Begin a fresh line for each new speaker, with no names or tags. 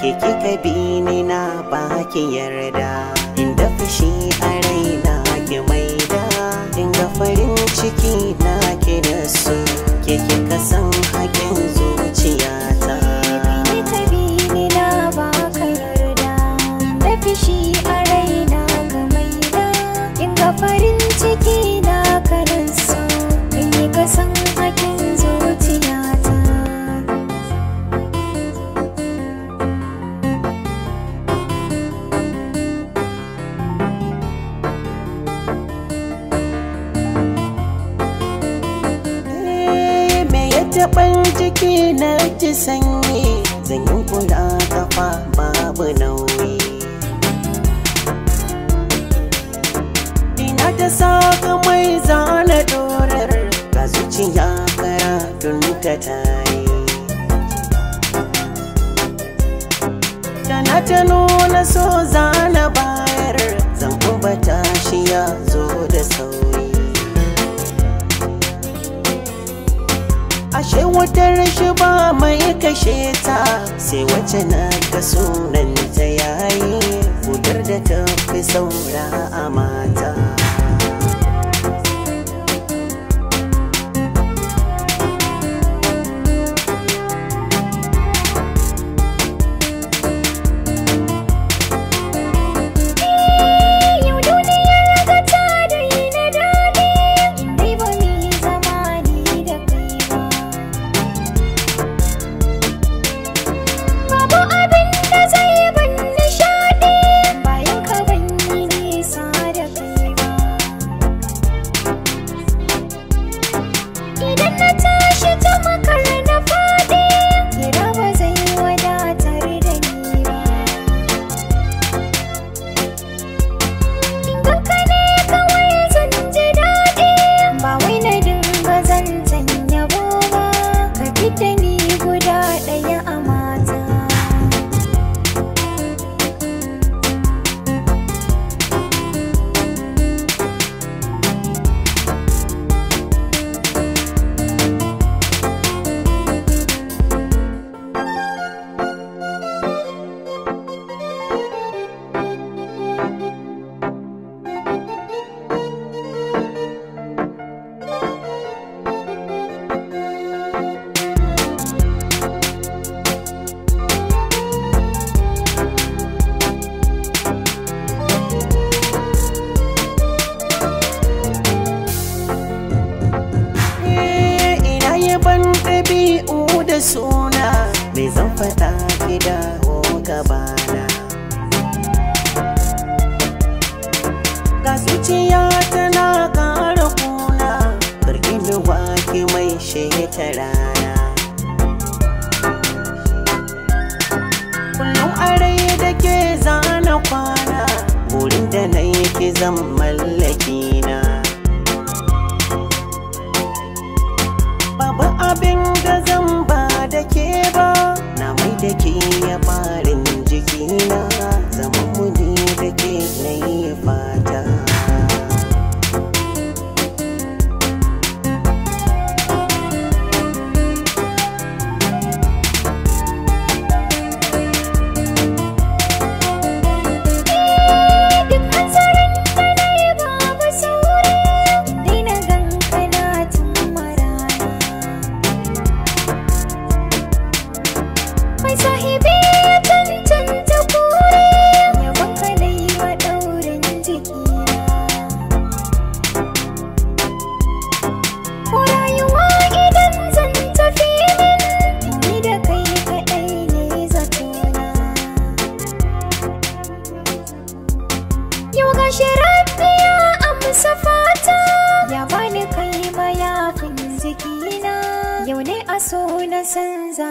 ke kika bi ni na bakin yarda inda fushi taɓar jiki na ji sanyi zan yi kula kafa babu nauyi ina ta saka mai zana dorar ga zuciya karatun ta tayi tana ta nuna so zana bayar zan kashe ta sai wacce na kaso suna me zan faɗa da dawo gabana ga zuciya tana ƙara kuna karki mi wake mai shekarana kullum arai da ke zana kwana burin da na yake zan malla. labarin jikina turns out